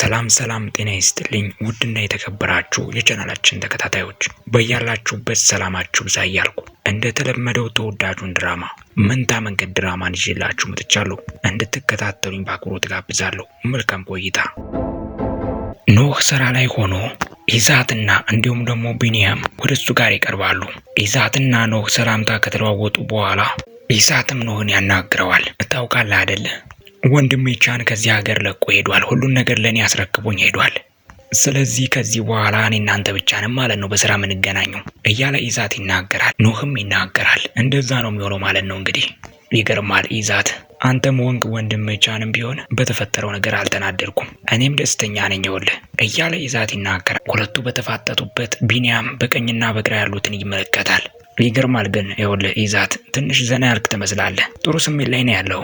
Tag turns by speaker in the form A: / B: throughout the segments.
A: ሰላም ሰላም፣ ጤና ይስጥልኝ ውድና የተከበራችሁ የቻናላችን ተከታታዮች በያላችሁበት ሰላማችሁ ብዛ እያልኩ እንደተለመደው ተወዳጁን ድራማ መንታ መንገድ ድራማን ይዤላችሁ መጥቻለሁ። እንድትከታተሉኝ በአክብሮት ጋብዛለሁ። መልካም ቆይታ። ኖህ ስራ ላይ ሆኖ ኢዛትና እንዲሁም ደግሞ ቢንያም ወደ እሱ ጋር ይቀርባሉ። ኢዛትና ኖህ ሰላምታ ከተለዋወጡ በኋላ ኢሳትም ኖህን ያናግረዋል። እታውቃለህ አይደለ ወንድሜ ቻን ከዚህ ሀገር ለቆ ሄዷል። ሁሉን ነገር ለእኔ አስረክቦኝ ሄዷል። ስለዚህ ከዚህ በኋላ እኔ እናንተ ብቻ ነን ማለት ነው በስራ የምንገናኘው እያለ ኢዛት ይናገራል። ኖህም ይናገራል። እንደዛ ነው የሚሆነው ማለት ነው እንግዲህ ይገርማል። ኢዛት አንተም ወንግ ወንድም ቻንም ቢሆን በተፈጠረው ነገር አልተናደድኩም፣ እኔም ደስተኛ ነኝ ይኸውልህ እያለ ኢዛት ይናገራል። ሁለቱ በተፋጠጡበት ቢንያም በቀኝና በግራ ያሉትን ይመለከታል። ይገርማል ግን ይኸውልህ ኢዛት ትንሽ ዘና ያልክ ትመስላለህ። ጥሩ ስሜት ላይ ነው ያለው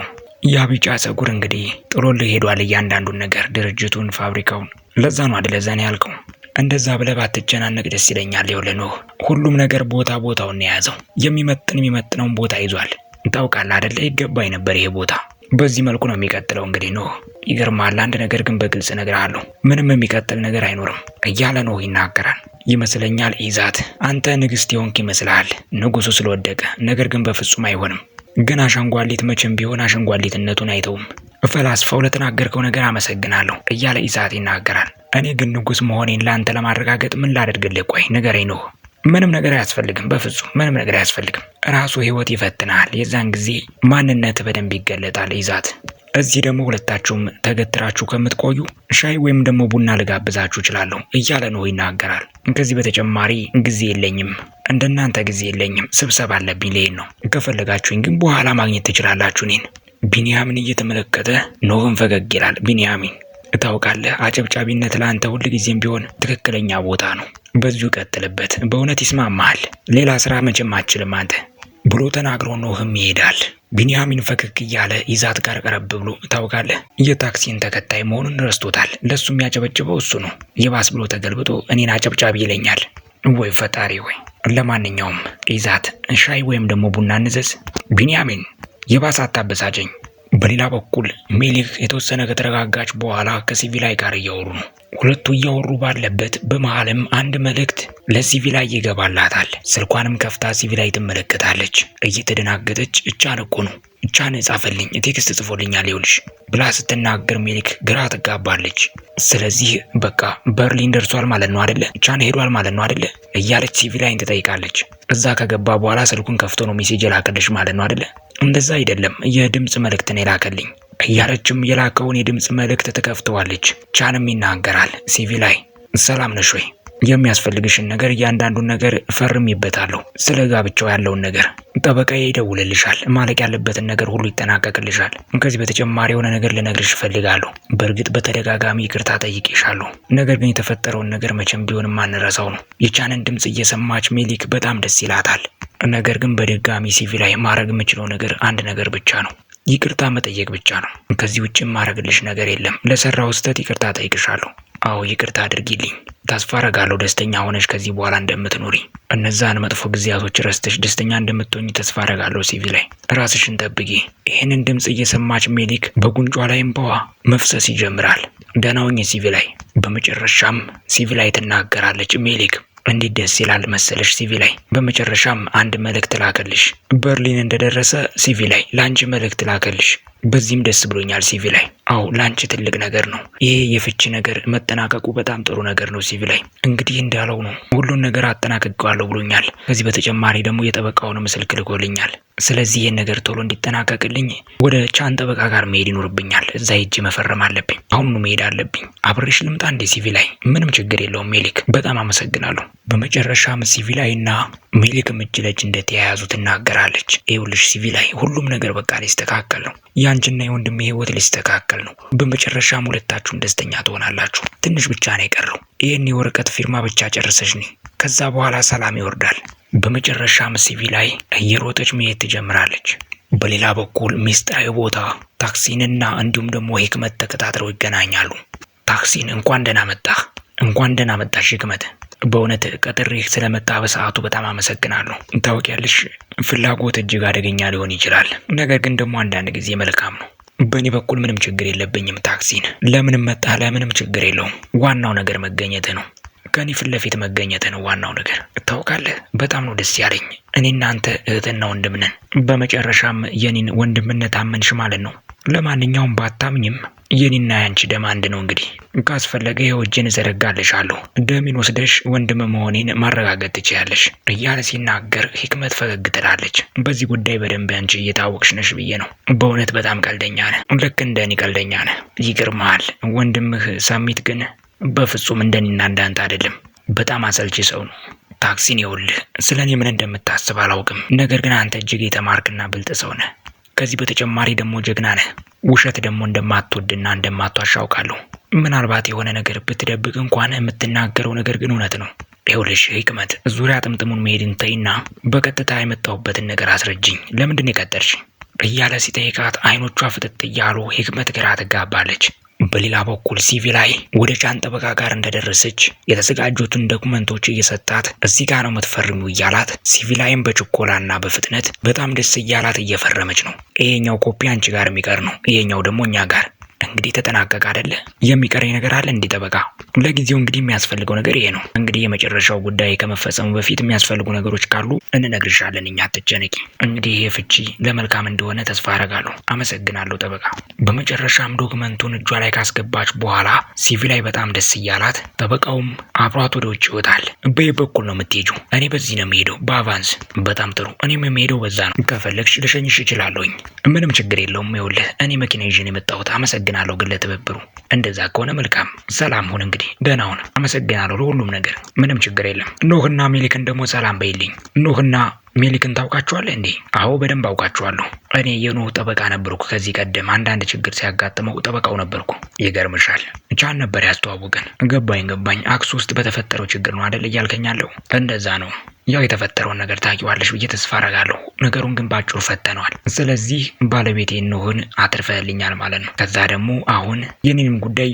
A: ያ ቢጫ ፀጉር እንግዲህ ጥሎልህ ሄዷል እያንዳንዱን ነገር ድርጅቱን፣ ፋብሪካውን። ለዛ ነው አይደል ዘኔ ነው ያልከው። እንደዛ ብለህ ባትጨናነቅ ደስ ይለኛል። ይኸውልህ ኖህ፣ ሁሉም ነገር ቦታ ቦታውን የያዘው የሚመጥን የሚመጥነውን ቦታ ይዟል። ታውቃለህ አይደለ? ይገባኝ ነበር ይሄ ቦታ በዚህ መልኩ ነው የሚቀጥለው። እንግዲህ ኖህ ይገርማል። አንድ ነገር ግን በግልጽ እነግርሃለሁ፣ ምንም የሚቀጥል ነገር አይኖርም እያለ ኖህ ይናገራል። ይመስለኛል ኢዛት፣ አንተ ንግስት የሆንክ ይመስልሃል ንጉሱ ስለወደቀ። ነገር ግን በፍጹም አይሆንም። ግን አሸንጓሊት መቼም ቢሆን አሸንጓሊትነቱን አይተውም። ፈላስፋው ለተናገርከው ነገር አመሰግናለሁ እያለ ኢሳት ይናገራል። እኔ ግን ንጉስ መሆኔን ለአንተ ለማረጋገጥ ምን ላደርግልህ? ቆይ ንገረኝ ኖህ ምንም ነገር አያስፈልግም። በፍጹም ምንም ነገር አያስፈልግም። ራሱ ህይወት ይፈትናል። የዛን ጊዜ ማንነት በደንብ ይገለጣል። ይዛት እዚህ ደግሞ ሁለታችሁም ተገትራችሁ ከምትቆዩ ሻይ ወይም ደግሞ ቡና ልጋብዛችሁ እችላለሁ እያለ ነው ይናገራል። ከዚህ በተጨማሪ ጊዜ የለኝም፣ እንደናንተ ጊዜ የለኝም፣ ስብሰባ አለብኝ ልሄድ ነው። ከፈለጋችሁኝ ግን በኋላ ማግኘት ትችላላችሁ እኔን። ቢንያምን እየተመለከተ ኖህን ፈገግ ይላል። ቢንያሚን ታውቃለህ አጨብጫቢነት ለአንተ ጊዜም ቢሆን ትክክለኛ ቦታ ነው። በዚሁ ቀጥልበት፣ በእውነት ይስማማሃል። ሌላ ስራ መቼም አችልም አንተ ብሎ ተናግሮ ኖህም ይሄዳል። ቢንያሚን ፈክክ እያለ ይዛት ጋር ቀረብ ብሎ ታውቃለህ የታክሲን ተከታይ መሆኑን ረስቶታል። ለእሱ የሚያጨበጭበው እሱ ነው። የባስ ብሎ ተገልብጦ እኔን አጨብጫቢ ይለኛል። ወይ ፈጣሪ ወይ! ለማንኛውም ይዛት ሻይ ወይም ደግሞ ቡና እንዘዝ። ቢንያሚን የባስ አታበሳጨኝ። በሌላ በኩል ሜሊክ የተወሰነ ከተረጋጋች በኋላ ከሲቪላይ ጋር እያወሩ ነው። ሁለቱ እያወሩ ባለበት በመሃልም አንድ መልእክት ለሲቪላይ ይገባላታል። ስልኳንም ከፍታ ሲቪላይ ትመለከታለች። እየተደናገጠች እቻን እኮ ነው እቻን ጻፈልኝ ቴክስት ጽፎልኛል ይውልሽ ብላ ስትናገር ሜሊክ ግራ ትጋባለች። ስለዚህ በቃ በርሊን ደርሷል ማለት ነው አደለ? እቻን ሄዷል ማለት ነው አደለ? እያለች ሲቪላይን ትጠይቃለች። እዛ ከገባ በኋላ ስልኩን ከፍቶ ነው ሜሴጅ ላከልሽ ማለት ነው አደለ? እንደዛ አይደለም የድምፅ መልእክትን የላከልኝ እያለችም የላከውን የድምፅ መልእክት ትከፍተዋለች። ቻንም ይናገራል። ሲቪ ላይ ሰላም ነሽ ወይ? የሚያስፈልግሽን ነገር እያንዳንዱን ነገር ፈርሚበታለሁ። ስለ ጋብቻው ያለውን ነገር ጠበቃዬ ይደውልልሻል። ማለቅ ያለበትን ነገር ሁሉ ይጠናቀቅልሻል። ከዚህ በተጨማሪ የሆነ ነገር ልነግርሽ እፈልጋለሁ። በእርግጥ በተደጋጋሚ ይቅርታ ጠይቄሻለሁ፣ ነገር ግን የተፈጠረውን ነገር መቼም ቢሆን ማንረሳው ነው። የቻንን ድምፅ እየሰማች ሜሊክ በጣም ደስ ይላታል። ነገር ግን በድጋሚ ሲቪ ላይ ማድረግ የምችለው ነገር አንድ ነገር ብቻ ነው ይቅርታ መጠየቅ ብቻ ነው። ከዚህ ውጭ ማድረግልሽ ነገር የለም። ለሰራው ስህተት ይቅርታ ጠይቅሻለሁ። አዎ ይቅርታ አድርጊልኝ። ተስፋ አረጋለሁ ደስተኛ ሆነሽ ከዚህ በኋላ እንደምትኖሪ እነዛን መጥፎ ጊዜያቶች ረስተሽ ደስተኛ እንደምትሆኝ ተስፋ አረጋለሁ። ሲቪ ላይ ራስሽን ጠብቂ። ይህንን ድምፅ እየሰማች ሜሊክ በጉንጯ ላይ እንባዋ መፍሰስ ይጀምራል። ደህና ሁኚ ሲቪ ላይ። በመጨረሻም ሲቪ ላይ ትናገራለች ሜሊክ እንዴት ደስ ይላል መሰለሽ ሲቪ ላይ። በመጨረሻም አንድ መልእክት ላከልሽ። በርሊን እንደደረሰ ሲቪ ላይ ለአንቺ መልእክት ላከልሽ። በዚህም ደስ ብሎኛል ሲቪ ላይ። አዎ ላንቺ ትልቅ ነገር ነው ይሄ የፍቺ ነገር መጠናቀቁ በጣም ጥሩ ነገር ነው ሲቪ ላይ። እንግዲህ እንዳለው ነው ሁሉን ነገር አጠናቅቀዋለሁ ብሎኛል። ከዚህ በተጨማሪ ደግሞ የጠበቃውንም ስልክ ልኮልኛል። ስለዚህ ይህን ነገር ቶሎ እንዲጠናቀቅልኝ ወደ ቻን ጠበቃ ጋር መሄድ ይኖርብኛል። እዛ ሄጄ መፈረም አለብኝ። አሁኑ መሄድ አለብኝ። አብሬሽ ልምጣ እንዴ ሲቪ ላይ? ምንም ችግር የለውም ሜሊክ። በጣም አመሰግናለሁ። በመጨረሻም ሲቪ ላይ እና ሚሊክም እጅ ለእጅ እንደተያያዙ ትናገራለች። ይኸውልሽ ሲቪ ላይ ሁሉም ነገር በቃ ሊስተካከል ነው። የአንቺና የወንድሜ ህይወት ሊስተካከል ነው። በመጨረሻም ሁለታችሁም ደስተኛ ትሆናላችሁ። ትንሽ ብቻ ነው የቀረው። ይህን የወረቀት ፊርማ ብቻ ጨርሰሽ ነይ። ከዛ በኋላ ሰላም ይወርዳል። በመጨረሻም ሲቪ ላይ እየሮጠች መሄድ ትጀምራለች። በሌላ በኩል ሚስጥራዊ ቦታ ታክሲንና እንዲሁም ደግሞ ህክመት ተከታትለው ይገናኛሉ። ታክሲን እንኳን ደህና መጣህ። እንኳን ደህና መጣሽ ህክመት፣ በእውነት ቀጥሬህ ስለመጣ በሰዓቱ በጣም አመሰግናለሁ። ታውቂያለሽ ፍላጎት እጅግ አደገኛ ሊሆን ይችላል፣ ነገር ግን ደግሞ አንዳንድ ጊዜ መልካም ነው። በእኔ በኩል ምንም ችግር የለብኝም። ታክሲን ለምንም መጣ ለምንም ችግር የለውም። ዋናው ነገር መገኘት ነው። ከኔ ፊት ለፊት መገኘት ነው ዋናው ነገር። ታውቃለህ፣ በጣም ነው ደስ ያለኝ። እኔና አንተ እህትና ወንድም ነን። በመጨረሻም የኔን ወንድምነት አመንሽ ማለት ነው። ለማንኛውም ባታምኝም የኔና ያንቺ ደም አንድ ነው። እንግዲህ ካስፈለገ ይኸው እጄን እዘረጋልሻለሁ። ደሜን ወስደሽ ወንድም መሆኔን ማረጋገጥ ትችያለሽ እያለ ሲናገር ህክመት ፈገግ ትላለች። በዚህ ጉዳይ በደንብ ያንቺ እየታወቅሽ ነሽ ብዬ ነው። በእውነት በጣም ቀልደኛ ነህ፣ ልክ እንደኔ ቀልደኛ ነህ። ይገርምሃል፣ ወንድምህ ሳሚት ግን በፍጹም እንደኔና እንዳንተ አይደለም። በጣም አሰልቺ ሰው ነው። ታክሲን ይኸውልህ፣ ስለ እኔ ምን እንደምታስብ አላውቅም፣ ነገር ግን አንተ እጅግ የተማርክና ብልጥ ሰው ነህ። ከዚህ በተጨማሪ ደግሞ ጀግና ነህ። ውሸት ደግሞ እንደማትወድና እንደማትዋሽ አውቃለሁ። ምናልባት የሆነ ነገር ብትደብቅ እንኳን የምትናገረው ነገር ግን እውነት ነው። ይኸውልሽ ህክመት፣ ዙሪያ ጥምጥሙን መሄድን ተይና በቀጥታ የመጣሁበትን ነገር አስረጅኝ። ለምንድን የቀጠርሽ? እያለ ሲጠይቃት አይኖቿ ፍጥጥ እያሉ ህክመት ግራ ትጋባለች። በሌላ በኩል ሲቪ ላይ ወደ ጃን ጠበቃ ጋር እንደደረሰች የተዘጋጁትን ዶክመንቶች እየሰጣት እዚህ ጋር ነው የምትፈርሚው እያላት ሲቪ ላይም በችኮላና በፍጥነት በጣም ደስ እያላት እየፈረመች ነው። ይሄኛው ኮፒ አንቺ ጋር የሚቀር ነው፣ ይሄኛው ደግሞ እኛ ጋር እንግዲህ ተጠናቀቀ አይደለ? የሚቀረኝ ነገር አለ እንዲህ ጠበቃ? ለጊዜው እንግዲህ የሚያስፈልገው ነገር ይሄ ነው። እንግዲህ የመጨረሻው ጉዳይ ከመፈጸሙ በፊት የሚያስፈልጉ ነገሮች ካሉ እንነግርሻለን። እኛ አትጨነቂ። እንግዲህ ይሄ ፍቺ ለመልካም እንደሆነ ተስፋ አረጋለሁ። አመሰግናለሁ ጠበቃ። በመጨረሻም ዶክመንቱን እጇ ላይ ካስገባች በኋላ ሲቪ ላይ በጣም ደስ እያላት፣ ጠበቃውም አብሯት ወደ ውጭ ይወጣል። በይ በኩል ነው የምትሄጂው? እኔ በዚህ ነው የምሄደው፣ በአቫንስ። በጣም ጥሩ። እኔም የምሄደው በዛ ነው። ከፈለግሽ ልሸኝሽ እችላለሁኝ። ምንም ችግር የለውም። ይኸውልህ እኔ መኪና ይዤ ነው የመጣሁት። አመሰግ አመሰግናለሁ ግን ለትብብሩ። እንደዛ ከሆነ መልካም ሰላም ሁን እንግዲህ ደህና ሁን። አመሰግናለሁ ለሁሉም ነገር። ምንም ችግር የለም። ኖህና ሜሊክን ደግሞ ሰላም በይልኝ። ኖህና ሜሊክን ታውቃቸዋለህ እንዴ? አዎ በደንብ አውቃቸዋለሁ። እኔ የኖህ ጠበቃ ነበርኩ። ከዚህ ቀደም አንዳንድ ችግር ሲያጋጥመው ጠበቃው ነበርኩ። ይገርምሻል፣ ቻን ነበር ያስተዋወቀን። ገባኝ ገባኝ። አክሱ ውስጥ በተፈጠረው ችግር ነው አደል እያልከኛለሁ? እንደዛ ነው። ያው የተፈጠረውን ነገር ታውቂዋለሽ ብዬ ተስፋ አረጋለሁ። ነገሩን ግን ባጭሩ ፈተነዋል። ስለዚህ ባለቤቴ ኖህን አትርፈህልኛል ማለት ነው። ከዛ ደግሞ አሁን የኔንም ጉዳይ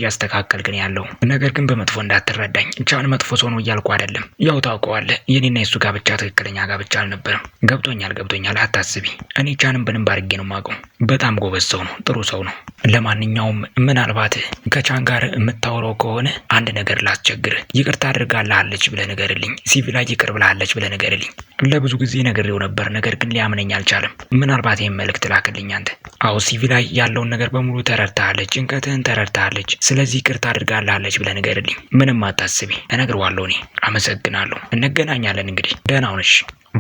A: ግን ያለው ነገር ግን በመጥፎ እንዳትረዳኝ። ቻን መጥፎ ሰው ነው እያልኩ አይደለም። ያው ታውቀዋለህ፣ የኔና የሱ ጋብቻ ትክክለኛ ጋብቻ አልነበረም። ገብቶኛል ገብቶኛል፣ አታስቢ። እኔ ቻንም ብንም አድርጌ ነው የማውቀው። በጣም ጎበዝ ሰው ነው፣ ጥሩ ሰው ነው። ለማንኛውም ምናልባት ከቻን ጋር የምታወራው ከሆነ አንድ ነገር ላስቸግር፣ ይቅርታ አድርጋልሃለች ብለህ ንገርልኝ። ሲቪላ ይቅር ብላለች ብለህ ንገርልኝ። ለብዙ ጊዜ ነግሬው ነበር፣ ነገር ግን ሊያምነኝ አልቻለም። ምናልባት ይህም መልእክት ላክልኝ አንተ። አዎ ሲቪላ ያለውን ነገር በሙሉ ተረድታለች፣ ጭንቀትህን ተረድታለች። ስለዚህ ይቅርታ አድርጋልሃለች ብለህ ንገርልኝ። ምንም አታስቢ፣ እነግረዋለሁ እኔ። አመሰግናለሁ። እንገናኛለን እንግዲህ፣ ደህና ሁን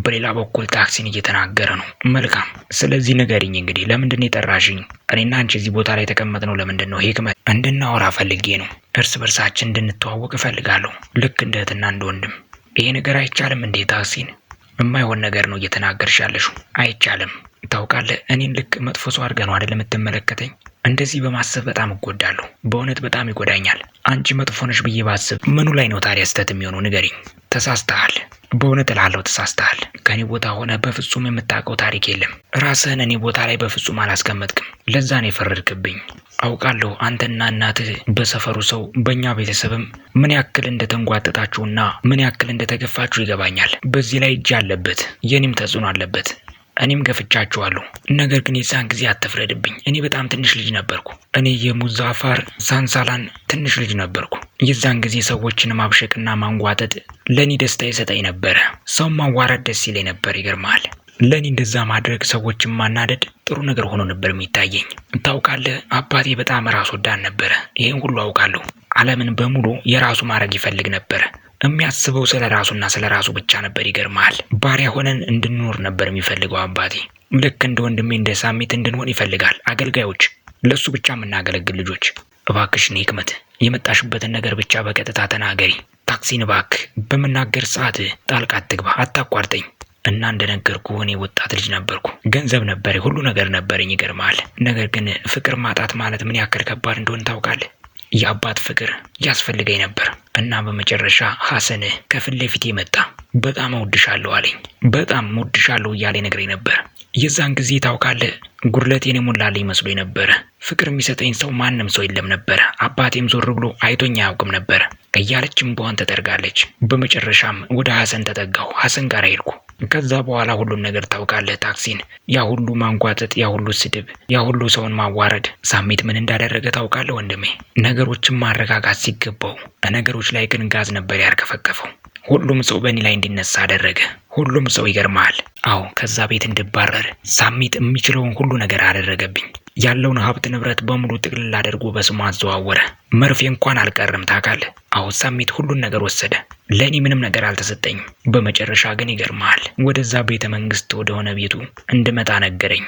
A: በሌላ በኩል ታክሲን እየተናገረ ነው። መልካም፣ ስለዚህ ንገሪኝ እንግዲህ ለምንድን የጠራሽኝ? እኔና አንቺ እዚህ ቦታ ላይ የተቀመጥነው ለምንድን ነው? ሂክመት፣ እንድናወራ ፈልጌ ነው። እርስ በርሳችን እንድንተዋወቅ እፈልጋለሁ፣ ልክ እንደ እህትና እንደ ወንድም። ይሄ ነገር አይቻልም እንዴ ታክሲን? የማይሆን ነገር ነው እየተናገርሽ ያለሽው። አይቻልም። ታውቃለህ፣ እኔን ልክ መጥፎ ሰው አድርገህ ነው አይደል የምትመለከተኝ? እንደዚህ በማሰብ በጣም እጎዳለሁ። በእውነት በጣም ይጎዳኛል። አንቺ መጥፎ ነሽ ብዬ ባስብ ምኑ ላይ ነው ታዲያ ስህተት የሚሆነው? ንገሪኝ። ተሳስተሃል። በእውነት እላለሁ ተሳስተሃል። ከእኔ ቦታ ሆነ በፍጹም የምታውቀው ታሪክ የለም። ራስህን እኔ ቦታ ላይ በፍጹም አላስቀመጥክም። ለዛ ነው የፈረድክብኝ። አውቃለሁ አንተና እናትህ በሰፈሩ ሰው በእኛ ቤተሰብም ምን ያክል እንደተንጓጠጣችሁና ምን ያክል እንደተገፋችሁ ይገባኛል። በዚህ ላይ እጅ አለበት፣ የኔም ተጽዕኖ አለበት። እኔም ገፍቻችኋለሁ። ነገር ግን የዛን ጊዜ አትፍረድብኝ። እኔ በጣም ትንሽ ልጅ ነበርኩ። እኔ የሙዛፋር ሳንሳላን ትንሽ ልጅ ነበርኩ። የዛን ጊዜ ሰዎችን ማብሸቅና ማንጓጠጥ ለእኔ ደስታ ይሰጠኝ ነበረ። ሰው ማዋረድ ደስ ይለኝ ነበር። ይገርማል። ለእኔ እንደዛ ማድረግ፣ ሰዎችን ማናደድ ጥሩ ነገር ሆኖ ነበር የሚታየኝ። ታውቃለህ፣ አባቴ በጣም ራስ ወዳድ ነበረ። ይህን ሁሉ አውቃለሁ። ዓለምን በሙሉ የራሱ ማድረግ ይፈልግ ነበረ። የሚያስበው ስለ ራሱና ስለ ራሱ ብቻ ነበር። ይገርማል። ባሪያ ሆነን እንድንኖር ነበር የሚፈልገው አባቴ። ልክ እንደ ወንድሜ እንደ ሳሜት እንድንሆን ይፈልጋል። አገልጋዮች፣ ለሱ ብቻ የምናገለግል ልጆች። እባክሽን ህክመት፣ የመጣሽበትን ነገር ብቻ በቀጥታ ተናገሪ። ታክሲን እባክህ በምናገር ሰዓት ጣልቃ አትግባ፣ አታቋርጠኝ። እና እንደነገርኩ እኔ ወጣት ልጅ ነበርኩ። ገንዘብ ነበር ሁሉ ነገር ነበረኝ። ይገርማል። ነገር ግን ፍቅር ማጣት ማለት ምን ያክል ከባድ እንደሆነ ታውቃለህ። የአባት ፍቅር ያስፈልገኝ ነበር እና በመጨረሻ ሐሰን ከፊት ለፊቴ መጣ። በጣም እወድሻለሁ አለኝ። በጣም እወድሻለሁ እያለ ነግረኝ ነበር። የዛን ጊዜ ታውቃለህ፣ ጉድለቴን የሞላልኝ ይመስሎ ነበር። ፍቅር የሚሰጠኝ ሰው ማንም ሰው የለም ነበር። አባቴም ዞር ብሎ አይቶኝ አያውቅም ነበር እያለችም እምባዋን ተጠርጋለች። በመጨረሻም ወደ ሐሰን ተጠጋሁ። ሐሰን ጋር ሄድኩ። ከዛ በኋላ ሁሉን ነገር ታውቃለህ። ታክሲን፣ ያ ሁሉ ማንጓጠጥ፣ ያ ሁሉ ስድብ፣ ያ ሁሉ ሰውን ማዋረድ ሳሚት ምን እንዳደረገ ታውቃለህ ወንድሜ። ነገሮችን ማረጋጋት ሲገባው ነገሮች ላይ ግን ጋዝ ነበር ያርከፈከፈው። ሁሉም ሰው በእኔ ላይ እንዲነሳ አደረገ። ሁሉም ሰው ይገርመሃል። አዎ ከዛ ቤት እንድባረር ሳሚት የሚችለውን ሁሉ ነገር አደረገብኝ። ያለውን ሀብት ንብረት በሙሉ ጥቅልል አድርጎ በስሙ አዘዋወረ። መርፌ እንኳን አልቀርም ታውቃለህ። አዎ ሳሚት ሁሉን ነገር ወሰደ። ለእኔ ምንም ነገር አልተሰጠኝም። በመጨረሻ ግን ይገርመሃል፣ ወደዛ ቤተ መንግስት ወደሆነ ቤቱ እንድመጣ ነገረኝ።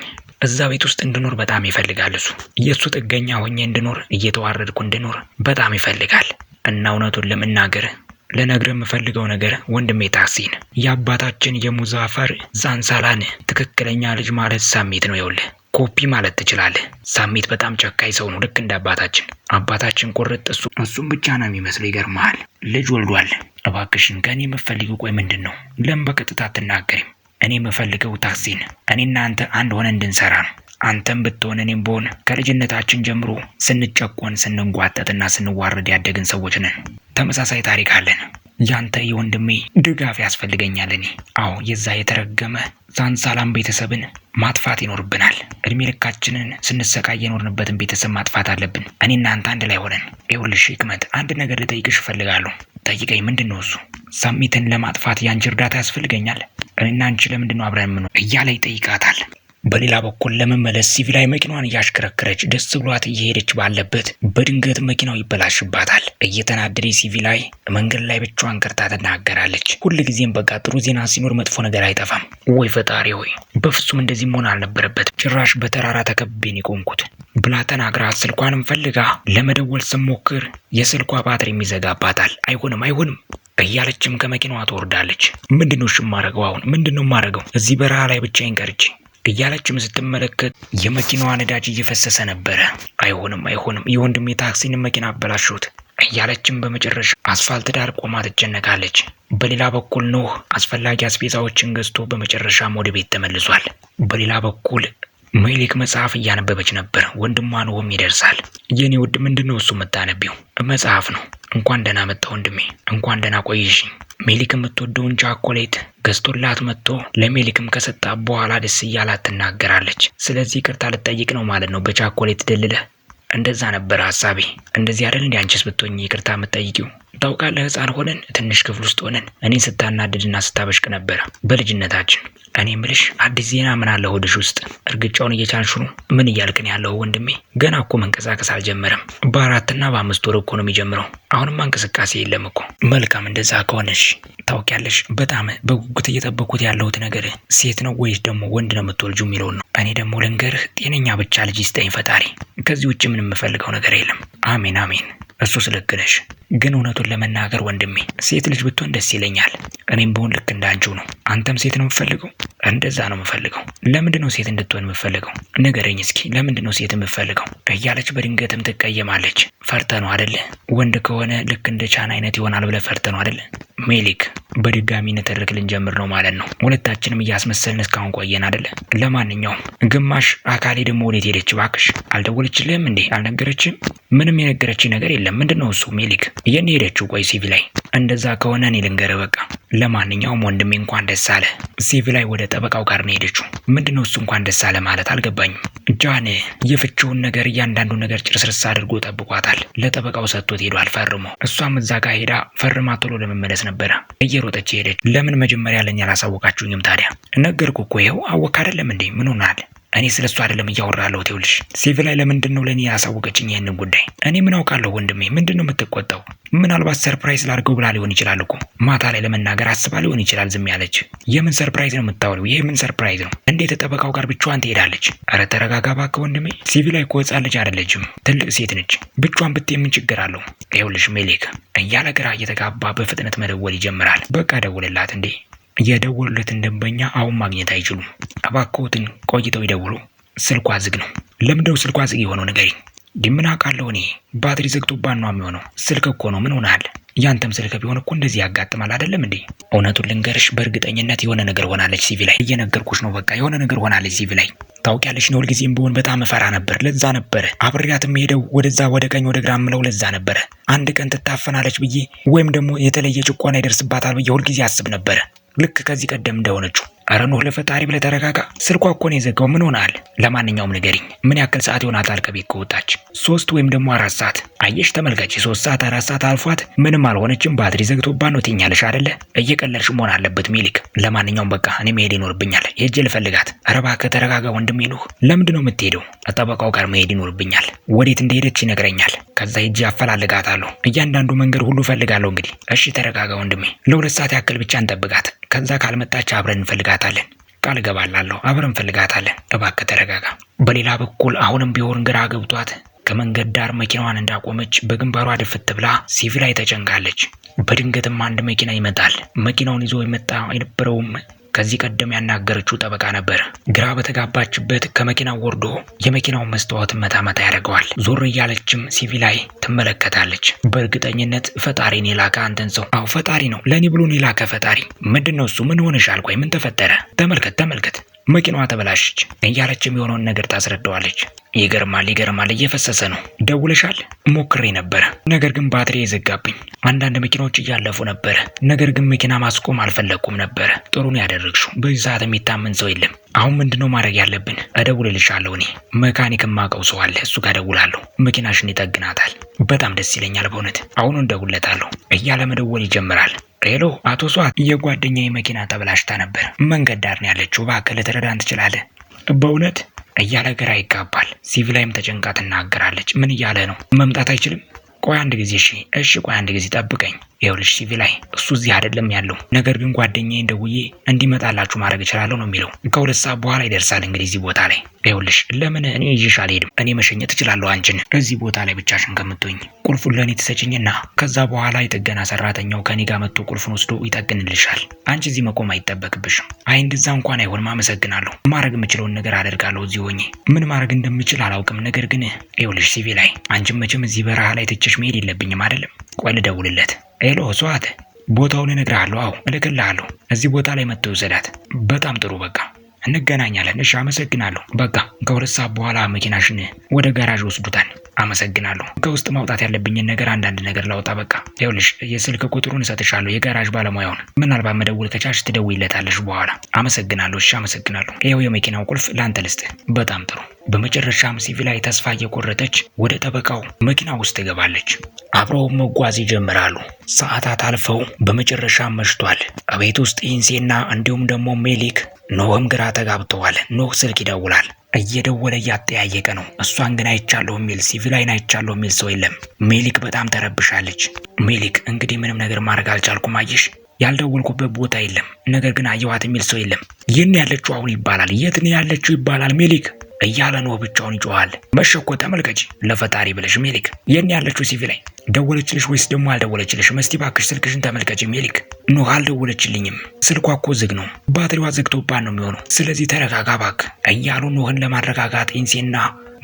A: እዛ ቤት ውስጥ እንድኖር በጣም ይፈልጋል። እሱ የእሱ ጥገኛ ሆኜ እንድኖር፣ እየተዋረድኩ እንድኖር በጣም ይፈልጋል እና እውነቱን ለመናገር ልነግርህ የምፈልገው ነገር ወንድሜ ታሲን የአባታችን የሙዛፈር ዛንሳላን ትክክለኛ ልጅ ማለት ሳሚት ነው። ይኸውልህ ኮፒ ማለት ትችላለህ። ሳሚት በጣም ጨካኝ ሰው ነው፣ ልክ እንደ አባታችን። አባታችን ቁርጥ እሱ እሱም ብቻ ነው የሚመስለው። ይገርመሃል፣ ልጅ ወልዷል። እባክሽን ከእኔ የምፈልገው ቆይ ምንድን ነው? ለምን በቀጥታ አትናገሪም? እኔ የምፈልገው ታሲን፣ እኔ እናንተ አንድ ሆነ እንድንሰራ ነው። አንተም ብትሆን እኔም ብሆን ከልጅነታችን ጀምሮ ስንጨቆን ስንንጓጠጥና ስንዋረድ ያደግን ሰዎች ነን። ተመሳሳይ ታሪክ አለን። ያንተ የወንድሜ ድጋፍ ያስፈልገኛል። እኔ አዎ የዛ የተረገመ ዛንሳላም ቤተሰብን ማጥፋት ይኖርብናል። እድሜ ልካችንን ስንሰቃይ የኖርንበትን ቤተሰብ ማጥፋት አለብን። እኔ እናንተ አንድ ላይ ሆነን። ይኸውልሽ ህክመት፣ አንድ ነገር ልጠይቅሽ እፈልጋለሁ። ጠይቀኝ። ምንድን ነው እሱ? ሳሚትን ለማጥፋት ያንቺ እርዳታ ያስፈልገኛል። እኔና አንቺ ለምንድን ነው አብረን የምንሆን? እያለ ይጠይቃታል። በሌላ በኩል ለመመለስ ሲቪላይ መኪናዋን እያሽከረከረች ደስ ብሏት እየሄደች ባለበት በድንገት መኪናው ይበላሽባታል። እየተናደደች ሲቪላይ መንገድ ላይ ብቻዋን ቀርታ ትናገራለች። ጊዜም በቃ ጥሩ ዜና ሲኖር መጥፎ ነገር አይጠፋም። ወይ ፈጣሪ ሆይ በፍጹም እንደዚህ መሆን አልነበረበትም። ጭራሽ በተራራ ተከብቤን የቆምኩት ብላ ተናግራ ስልኳንም ፈልጋ ለመደወል ስሞክር የስልኳ ባትሪም ይዘጋባታል። አይሆንም አይሆንም እያለችም ከመኪናዋ ትወርዳለች። ምንድነው ሽማረገው አሁን ምንድነው ማረገው እዚህ በረሃ ላይ ብቻዬን ቀርቼ እያለችም ስትመለከት የመኪናዋ ነዳጅ እየፈሰሰ ነበረ። አይሆንም አይሆንም፣ የወንድሜ የታክሲን መኪና አበላሹት እያለችም በመጨረሻ አስፋልት ዳር ቆማ ትጨነቃለች። በሌላ በኩል ኖህ አስፈላጊ አስቤዛዎችን ገዝቶ በመጨረሻም ወደ ቤት ተመልሷል። በሌላ በኩል ሜሊክ መጽሐፍ እያነበበች ነበር። ወንድሟ ኖህም ይደርሳል። የኔ ውድ ምንድን ነው እሱ የምታነቢው? መጽሐፍ ነው። እንኳን ደህና መጣ ወንድሜ፣ እንኳን ደህና ቆይሽኝ ሜሊክ የምትወደውን ቻኮሌት ገዝቶላት መጥቶ ለሜሊክም ከሰጣ በኋላ ደስ እያላት ትናገራለች። ስለዚህ ቅርታ ልጠይቅ ነው ማለት ነው በቻኮሌት ደልለህ። እንደዛ ነበር ሀሳቤ። እንደዚህ አይደል እንዲ አንቺስ ብትሆኝ ይቅርታ የምትጠይቂው? ታውቃለህ ህፃን ሆነን ትንሽ ክፍል ውስጥ ሆነን እኔን ስታናድድና ስታበሽቅ ነበረ በልጅነታችን። እኔ ምልሽ አዲስ ዜና ምን አለ ሆድሽ ውስጥ? እርግጫውን እየቻልሽ ነው? ምን እያልክን ያለው ወንድሜ? ገና እኮ መንቀሳቀስ አልጀመረም። በአራትና በአምስት ወር እኮ ነው የሚጀምረው። አሁንማ እንቅስቃሴ የለም እኮ። መልካም፣ እንደዛ ከሆነሽ ታውቂያለሽ፣ በጣም በጉጉት እየጠበኩት ያለሁት ነገር ሴት ነው ወይስ ደግሞ ወንድ ነው የምትወልጁ የሚለውን ነው። እኔ ደግሞ ልንገርህ፣ ጤነኛ ብቻ ልጅ ይስጠኝ ፈጣሪ። ከዚህ ውጭ ምን የምፈልገው ነገር የለም። አሜን አሜን። እሱ ስለግነሽ ነሽ። ግን እውነቱን ለመናገር ወንድሜ ሴት ልጅ ብትሆን ደስ ይለኛል። እኔም በሆን ልክ እንዳንቺው ነው። አንተም ሴት ነው የምፈልገው? እንደዛ ነው የምፈልገው። ለምንድን ነው ሴት እንድትሆን የምፈልገው? ንገረኝ እስኪ ለምንድን ነው ሴት የምፈልገው? እያለች በድንገትም ትቀየማለች። ፈርተ ነው አደለ? ወንድ ከሆነ ልክ እንደ ቻን አይነት ይሆናል ብለህ ፈርተ ነው አደለ? ሜሊክ በድጋሚ ንትርክ ልንጀምር ነው ማለት ነው። ሁለታችንም እያስመሰልን እስካሁን ቆየን አደለ? ለማንኛውም ግማሽ አካሌ ደግሞ ወዴት ሄደች? እባክሽ አልደወለችልህም እንዴ? አልነገረችም? ምንም የነገረች ነገር የለም አይደለም። ምንድን ነው እሱ? ሜሊክ የኔ ሄደችው? ቆይ ሲቪ ላይ እንደዛ ከሆነ እኔ ልንገርህ በቃ። ለማንኛውም ወንድሜ እንኳን ደስ አለ። ሲቪ ላይ ወደ ጠበቃው ጋር ነው የሄደችው። ምንድን ነው እሱ እንኳን ደስ አለ ማለት አልገባኝም። ጃን የፍቺውን ነገር እያንዳንዱ ነገር ጭርስርስ አድርጎ ጠብቋታል። ለጠበቃው ሰጥቶት ሄዷል ፈርሞ። እሷም እዛ ጋር ሄዳ ፈርማ ቶሎ ለመመለስ ነበረ እየሮጠች ሄደች። ለምን መጀመሪያ ለኛ አላሳወቃችሁኝም ታዲያ? ነገርኩ እኮ ይኸው አይደለም እንዴ? ምን ሆናል? እኔ ስለ እሱ አይደለም እያወራ ያለሁት። ይኸውልሽ ሴቪ ላይ ለምንድን ነው ለእኔ ያሳወቀችኝ ይህንን ጉዳይ? እኔ ምን አውቃለሁ ወንድሜ፣ ምንድን ነው የምትቆጣው? ምናልባት ሰርፕራይዝ ላድርገው ብላ ሊሆን ይችላል እኮ ማታ ላይ ለመናገር አስባ ሊሆን ይችላል ዝም ያለች። የምን ሰርፕራይዝ ነው የምታወሪው? ይህ ምን ሰርፕራይዝ ነው? እንዴት ጠበቃው ጋር ብቻዋን ትሄዳለች? ኧረ ተረጋጋ እባክህ ወንድሜ። ሲቪ ላይ እኮ ሕፃን ልጅ አይደለችም፣ ትልቅ ሴት ነች። ብቻዋን ብትሄድ ምን ችግር አለው? ይኸውልሽ ሜሌክ እያለ ግራ እየተጋባ በፍጥነት መደወል ይጀምራል። በቃ ደውልላት እንዴ የደወሉለትን ደንበኛ አሁን ማግኘት አይችሉም። እባክዎትን ቆይተው ይደውሉ። ስልኳ ዝግ ነው። ለምደው ስልኳ ዝግ የሆነው ንገሪኝ። ምን አውቃለሁ እኔ ባትሪ ዘግቶባት ነው የሚሆነው። ስልክ እኮ ነው። ምን ሆነሃል? ያንተም ስልክ ቢሆን እኮ እንደዚህ ያጋጥማል። አይደለም እንዴ? እውነቱን ልንገርሽ፣ በእርግጠኝነት የሆነ ነገር ሆናለች። ሲቪ ላይ እየነገርኩሽ ነው። በቃ የሆነ ነገር ሆናለች። ሲቪ ላይ ታውቂያለሽ፣ ነው ሁልጊዜም ቢሆን በጣም እፈራ ነበር። ለዛ ነበረ አብሬያት ሄደው ወደዛ ወደ ቀኝ ወደ ግራ ምለው። ለዛ ነበረ አንድ ቀን ትታፈናለች ብዬ ወይም ደግሞ የተለየ ጭቆና ይደርስባታል ብዬ ሁልጊዜ አስብ ነበረ። ልክ ከዚህ ቀደም እንደሆነችው። ኧረ ኖህ ለፈጣሪ ብለህ ተረጋጋ። ስልኳ እኮ ነው የዘጋው። ምን ሆነሃል? ለማንኛውም ንገሪኝ፣ ምን ያክል ሰዓት ይሆናታል ከቤት ከወጣች? ሶስት ወይም ደግሞ አራት ሰዓት። አየሽ ተመልካች፣ ሶስት ሰዓት አራት ሰዓት አልፏት ምንም አልሆነችም። ባትሪ ዘግቶባ ነው ትኛለሽ አይደለ? እየቀለልሽ መሆን አለበት ሚሊክ። ለማንኛውም በቃ እኔ መሄድ ይኖርብኛል። ሂጅ ልፈልጋት። ኧረ እባክህ ተረጋጋ ወንድሜ ኖህ። ለምንድን ነው የምትሄደው? ጠበቃው ጋር መሄድ ይኖርብኛል። ወዴት እንደሄደች ይነግረኛል። ከዛ ሂጅ አፈላልጋታለሁ። እያንዳንዱ መንገድ ሁሉ እፈልጋለሁ። እንግዲህ እሺ፣ ተረጋጋ ወንድሜ። ለሁለት ሰዓት ያክል ብቻ እንጠብቃት። ከዛ ካልመጣች አብረን እንፈልጋታለን። ቃል እገባላለሁ፣ አብረን እንፈልጋታለን። እባክህ ተረጋጋ። በሌላ በኩል አሁንም ቢሆን ግራ ገብቷት ከመንገድ ዳር መኪናዋን እንዳቆመች በግንባሯ ድፍት ብላ ሲቪ ላይ ተጨንቃለች። በድንገትም አንድ መኪና ይመጣል። መኪናውን ይዞ የመጣ የነበረውም ከዚህ ቀደም ያናገረችው ጠበቃ ነበር። ግራ በተጋባችበት ከመኪናው ወርዶ የመኪናውን መስታወት መታመታ ያደርገዋል። ዞር እያለችም ሲቪ ላይ ትመለከታለች። በእርግጠኝነት ፈጣሪን የላከ አንተን ሰው። አዎ ፈጣሪ ነው፣ ለእኔ ብሎን የላከ ፈጣሪ። ምንድን ነው እሱ? ምን ሆነሻል? ቆይ ምን ተፈጠረ? ተመልከት ተመልከት መኪናዋ ተበላሸች እያለች የሚሆነውን ነገር ታስረዳዋለች። ይገርማል ይገርማል፣ እየፈሰሰ ነው። ደውለሻል? ሞክሬ ነበረ፣ ነገር ግን ባትሪ የዘጋብኝ። አንዳንድ መኪናዎች እያለፉ ነበረ፣ ነገር ግን መኪና ማስቆም አልፈለግኩም ነበረ። ጥሩ ነው ያደረግሽው። በዚህ ሰዓት የሚታመን ሰው የለም። አሁን ምንድነው ማድረግ ያለብን? እደውልልሻለሁ። እኔ መካኒክ ማቀው ሰው አለ፣ እሱ ጋር እደውላለሁ። መኪናሽን ይጠግናታል። በጣም ደስ ይለኛል በእውነት። አሁኑ እደውልለታለሁ እያለ መደወል ይጀምራል። ሄሎ፣ አቶ ሷት የጓደኛዬ መኪና ተብላሽታ ነበር። መንገድ ዳር ነው ያለችው። እባክህ ልትረዳን ትችላለህ? በእውነት እያለ ግራ ይጋባል። ሲቪ ላይም ተጨንቃ ትናገራለች። ምን እያለ ነው? መምጣት አይችልም? ቆይ አንድ ጊዜ እሺ፣ እሺ፣ ቆይ አንድ ጊዜ ጠብቀኝ። ይኸውልሽ ሲቪ ላይ እሱ እዚህ አይደለም ያለው፣ ነገር ግን ጓደኛዬን ደውዬ እንዲመጣላችሁ ማድረግ እችላለሁ ነው የሚለው። ከሁለት ሰዓት በኋላ ይደርሳል። እንግዲህ እዚህ ቦታ ላይ ይኸውልሽ፣ ለምን እኔ ይዤሽ አልሄድም? እኔ መሸኘት እችላለሁ አንቺን እዚህ ቦታ ላይ ብቻሽን ከምትሆኝ። ቁልፉን ለእኔ ትሰጭኝና ከዛ በኋላ የጥገና ሰራተኛው ከኔ ጋር መጥቶ ቁልፉን ወስዶ ይጠግንልሻል። አንቺ እዚህ መቆም አይጠበቅብሽም። አይ እንደዛ እንኳን አይሆንም፣ አመሰግናለሁ። ማድረግ የምችለውን ነገር አደርጋለሁ። እዚህ ሆኜ ምን ማድረግ እንደምችል አላውቅም። ነገር ግን ይኸውልሽ ሲቪ ላይ አንቺም መቼም እዚህ በረሃ ላይ ትችሽ መሄድ የለብኝም አይደለም ቆይ ልደውልለት። ሄሎ ስዋት፣ ቦታውን እነግርሃለሁ። አዎ እልክልሃለሁ። እዚህ ቦታ ላይ መጥተው ይውሰዳት። በጣም ጥሩ በቃ እንገናኛለን። እሺ አመሰግናለሁ። በቃ ከሁለት ሰዓት በኋላ መኪናሽን ወደ ጋራዥ ወስዱታል። አመሰግናለሁ። ከውስጥ ማውጣት ያለብኝን ነገር አንዳንድ ነገር ላውጣ። በቃ ይኸውልሽ የስልክ ቁጥሩን እሰጥሻለሁ፣ የጋራጅ ባለሙያውን። ምናልባት መደውል ከቻልሽ ትደውይለታለሽ በኋላ። አመሰግናለሁ። እሺ፣ አመሰግናለሁ። ይኸው የመኪናው ቁልፍ ለአንተ ልስጥህ። በጣም ጥሩ። በመጨረሻም ሲቪላይ ተስፋ እየቆረጠች ወደ ጠበቃው መኪና ውስጥ ትገባለች። አብረው መጓዝ ይጀምራሉ። ሰዓታት አልፈው በመጨረሻ መሽቷል። ቤት ውስጥ ኢንሴና እንዲሁም ደግሞ ሜሊክ ኖህም ግራ ተጋብተዋል። ኖህ ስልክ ይደውላል። እየደወለ እያጠያየቀ ነው። እሷን ግን አይቻለሁ የሚል ሲቪላይን አይቻለሁ የሚል ሰው የለም። ሜሊክ በጣም ተረብሻለች። ሜሊክ እንግዲህ ምንም ነገር ማድረግ አልቻልኩም። አየሽ ያልደወልኩበት ቦታ የለም፣ ነገር ግን አየዋት የሚል ሰው የለም። ይህን ያለችው አሁን ይባላል። የት ነው ያለችው ይባላል ሜሊክ እያለ ኖህ ብቻውን ይጮኋል። መሸኮ ተመልከች፣ ለፈጣሪ ብለሽ ሜሊክ። የኔ ያለችው ሲቪ ላይ ደወለችልሽ ወይስ ደግሞ አልደወለችልሽም? እስቲ ባክሽ ስልክሽን ተመልከች ሜሊክ። ኖ አልደወለችልኝም፣ ስልኳ እኮ ዝግ ነው፣ ባትሪዋ ዘግቶባት ነው የሚሆነው። ስለዚህ ተረጋጋ ባክ እያሉ ኖህን ለማረጋጋት ኢንሴና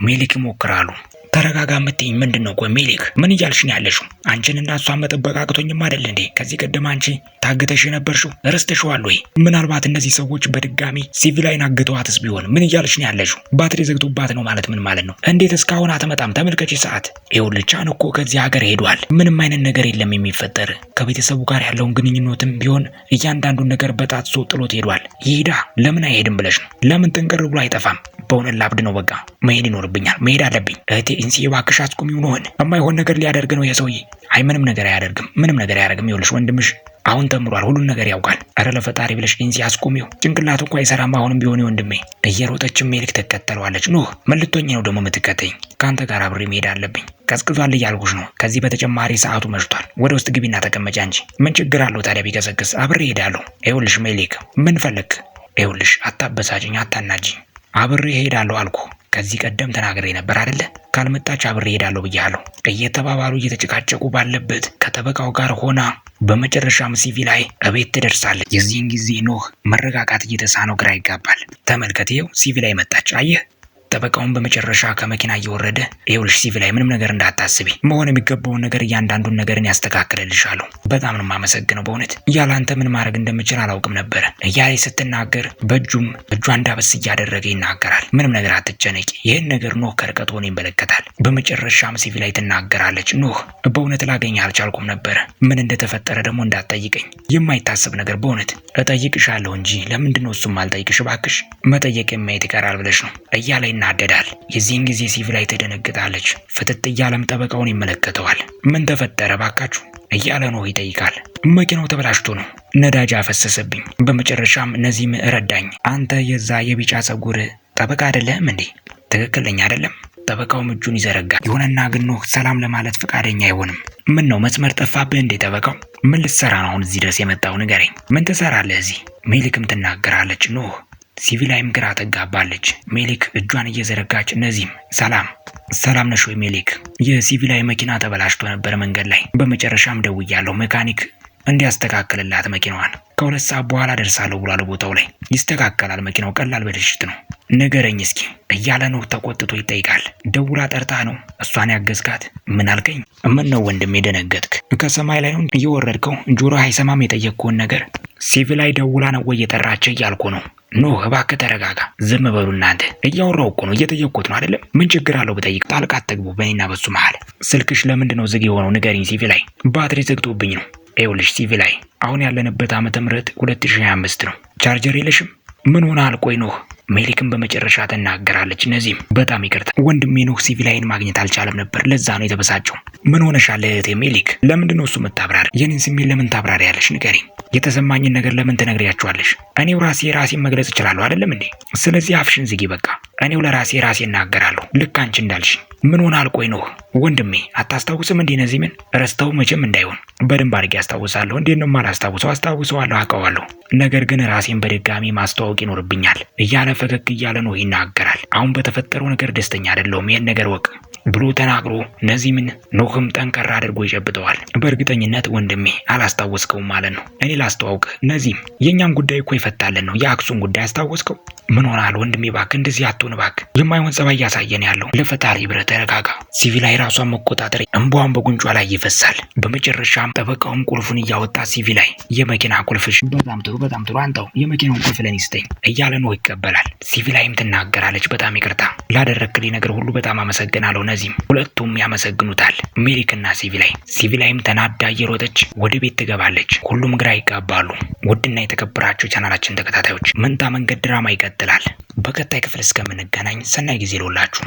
A: ሜሊክ ይሞክራሉ። ተረጋጋ የምትይኝ ምንድን ነው? ቆይ ሜሊክ ምን እያልሽ ነው ያለሽው? አንቺን እና እሷን መጠበቅ አቅቶኝም አይደል እንዴ? ከዚህ ቀደም አንቺ ታግተሽ የነበርሽው ረስተሽዋል ወይ? ምናልባት እነዚህ ሰዎች በድጋሚ ሲቪላይን አግተዋትስ ቢሆን ምን እያልሽ ነው ያለሽው? ባትሪ ዘግቶባት ነው ማለት ምን ማለት ነው? እንዴት እስካሁን አትመጣም? ተመልከቺ ሰዓት ይኸውልቻን እኮ ከዚህ ሀገር ሄዷል። ምንም አይነት ነገር የለም የሚፈጠር ከቤተሰቡ ጋር ያለውን ግንኙነትም ቢሆን እያንዳንዱን ነገር በጣጥሶ ጥሎት ሄዷል። ይሄዳ ለምን አይሄድም ብለሽ ነው? ለምን ጥንቅር ብሎ አይጠፋም? በእውነት ላብድ ነው። በቃ መሄድ ይኖርብኛል፣ መሄድ አለብኝ እህቴ ኢንሲ እባክሽ አስቁሚው ነሆን የማይሆን ነገር ሊያደርግ ነው የሰውዬ። አይ ምንም ነገር አያደርግም፣ ምንም ነገር አያደርግም። ይኸውልሽ ወንድምሽ አሁን ተምሯል፣ ሁሉን ነገር ያውቃል። እረ ለፈጣሪ ብለሽ ኢንሲ አስቁሚው፣ ጭንቅላቱ እኮ አይሰራም። አሁንም ቢሆን ወንድሜ። እየሮጠች ሜሊክ ትከተለዋለች። ኑህ ምን ነው ደግሞ የምትከተኝ? ከአንተ ጋር አብሬ መሄድ አለብኝ። ቀዝቅዟል እያልኩሽ ነው። ከዚህ በተጨማሪ ሰዓቱ መሽቷል። ወደ ውስጥ ግቢና ተቀመጫ እንጂ ምን ችግር አለው ታዲያ ቢቀዘቅዝ? አብሬ እሄዳለሁ። ይኸውልሽ ሜሊክ ምን ፈለግ? ይኸውልሽ አታበሳጭኝ፣ አታናጅኝ። አብሬ እሄዳለሁ አልኩ። ከዚህ ቀደም ተናግሬ ነበር አይደለ? ካልመጣች አብሬ እሄዳለሁ ብያለሁ። እየተባባሉ እየተጨቃጨቁ ባለበት ከጠበቃው ጋር ሆና በመጨረሻም ሲቪ ላይ እቤት ትደርሳለች። የዚህን ጊዜ ኖህ መረጋጋት እየተሳነው ግራ ይጋባል። ተመልከት፣ ይኸው ሲቪ ላይ መጣች። አየህ ጠበቃውን በመጨረሻ ከመኪና እየወረደ ይኸውልሽ ሲቪ ላይ ምንም ነገር እንዳታስቢ፣ መሆን የሚገባውን ነገር እያንዳንዱን ነገርን ያስተካክልልሻለሁ። በጣም ነው የማመሰግነው በእውነት እያለ አንተ ምን ማድረግ እንደምችል አላውቅም ነበረ እያለ ስትናገር በእጁም እጇ እንዳበስ እያደረገ ይናገራል። ምንም ነገር አትጨነቂ፣ ይህን ነገር ኖህ ከርቀት ሆኖ ይመለከታል። በመጨረሻም ሲቪ ላይ ትናገራለች። ኖህ በእውነት ላገኝ አልቻልኩም ነበረ። ምን እንደተፈጠረ ደግሞ እንዳትጠይቀኝ፣ የማይታሰብ ነገር በእውነት እጠይቅሻለሁ እንጂ ለምንድን ነው እሱም አልጠይቅሽ? እባክሽ መጠየቅ የማየት ይቀራል ብለሽ ነው እያለ ይናደዳል። የዚህን ጊዜ ሲቪላይ ትደነግጣለች። ፍትት እያለም ጠበቃውን ይመለከተዋል። ምን ተፈጠረ ባካችሁ እያለ ኖህ ይጠይቃል። መኪናው ተበላሽቶ ነው ነዳጅ አፈሰሰብኝ። በመጨረሻም ነዚህም ረዳኝ። አንተ የዛ የቢጫ ጸጉር ጠበቃ አይደለህም እንዴ? ትክክለኛ አይደለም። ጠበቃውም እጁን ይዘረጋል። ይሁንና ግን ኖህ ሰላም ለማለት ፈቃደኛ አይሆንም። ምን ነው መስመር ጠፋብህ እንዴ? ጠበቃው ምን ልትሰራ ነው አሁን እዚህ ድረስ የመጣው ንገረኝ። ምን ትሰራለህ እዚህ? ሚልክም ትናገራለች ኖህ ሲቪላይም ግራ ተጋባለች። ሜሊክ እጇን እየዘረጋች ነዚም ሰላም ሰላም ነሽ ወይ ሜሊክ? የሲቪላይ መኪና ተበላሽቶ ነበር መንገድ ላይ። በመጨረሻም ደውያለሁ። መካኒክ እንዲያስተካክልላት መኪናዋን። ከሁለት ሰዓት በኋላ ደርሳለሁ ብሏል ቦታው ላይ። ይስተካከላል መኪናው፣ ቀላል በድርሽት ነው ንገረኝ እስኪ እያለ ነው ተቆጥቶ ይጠይቃል። ደውላ ጠርታ ነው እሷን ያገዝካት። ምን አልከኝ? ምን ነው ወንድም የደነገጥክ? ከሰማይ ላይ ነው እየወረድከው? ጆሮ አይሰማም የጠየቅኩውን ነገር። ላይ ደውላ ነው ወይ የጠራችህ እያልኩ ነው። ኖ እባክህ ተረጋጋ። ዝም በሉ እናንተ። እያወራሁ እኮ ነው፣ እየጠየቅኩት ነው አይደለም። ምን ችግር አለው ብጠይቅ? ጣልቃ አትግቡ በእኔና በሱ መሀል። ስልክሽ ለምንድን ነው ዝግ የሆነው ንገሪኝ ላይ ባትሪ ዘግቶብኝ ነው ይኸውልሽ ሲቪ ላይ አሁን ያለንበት ዓመተ ምህረት 2025 ነው። ቻርጀር የለሽም? ምን ሆነ አልቆይ ኖህ ሜሊክን በመጨረሻ ትናገራለች። እነዚህም በጣም ይቅርታ ወንድሜ ኖህ ሲቪላይን ማግኘት አልቻለም ነበር፣ ለዛ ነው የተበሳጨው። ምን ሆነሻል እህቴ ሜሊክ? ለምንድን ነው እሱ የምታብራሪ? የኔን ስሜት ለምን ያለሽ? ንገሪ። የተሰማኝን ነገር ለምን ትነግሪያቸዋለሽ? እኔው ራሴ ራሴን መግለጽ እችላለሁ አይደለም እንዴ? ስለዚህ አፍሽን ዝጊ በቃ። እኔው ለራሴ ራሴ እናገራለሁ። ልክ አንቺ እንዳልሽ ምን ሆነ አልቆይ ነው ወንድሜ፣ አታስታውስም እንዴ? ነዚህ ምን ረስተው መቼም እንዳይሆን በደንብ አድርጌ አስታውሳለሁ። እንዴ ነው የማላስታውሰው? አስታውሰዋለሁ፣ አውቀዋለሁ። ነገር ግን ራሴን በድጋሚ ማስተዋወቅ ይኖርብኛል እያለ ፈገግ እያለ ነው ይናገራል። አሁን በተፈጠረው ነገር ደስተኛ አይደለሁም፣ ይህን ነገር ወቅ ብሎ ተናግሮ ነዚህ ምን ኖህም ጠንከራ አድርጎ ይጨብጠዋል። በእርግጠኝነት ወንድሜ አላስታወስከውም ማለት ነው። እኔ ላስተዋውቅ፣ ነዚህም የእኛም ጉዳይ እኮ ይፈታለን ነው የአክሱም ጉዳይ አስታወስከው? ምን ሆናል ወንድሜ እባክህ እንደዚህ አትሆን አሁን እባክህ የማይሆን ጸባይ እያሳየን ያለው ለፈጣሪ ብለህ ተረጋጋ። ሲቪ ላይ ራሷን መቆጣጠር እንቧን በጉንጯ ላይ ይፈሳል። በመጨረሻም ጠበቃውም ቁልፉን እያወጣ ሲቪ ላይ የመኪና ቁልፍሽ፣ በጣም ጥሩ በጣም ጥሩ አንተው የመኪናውን ቁልፍ ለኔ ስጠኝ እያለ ነው ይቀበላል። ሲቪ ላይም ትናገራለች፣ በጣም ይቅርታ ላደረክልኝ ነገር ሁሉ በጣም አመሰግናለሁ። ነዚህም ሁለቱም ያመሰግኑታል ሜሪክና ሲቪ ላይ። ላይም ተናዳ እየሮጠች ወደ ቤት ትገባለች። ሁሉም ግራ ይጋባሉ። ውድና የተከበራችሁ ቻናላችን ተከታታዮች መንታ መንገድ ድራማ ይቀጥላል። በቀጣይ ክፍል እስከምን እስከምንገናኝ ሰናይ ጊዜ ይሁንላችሁ።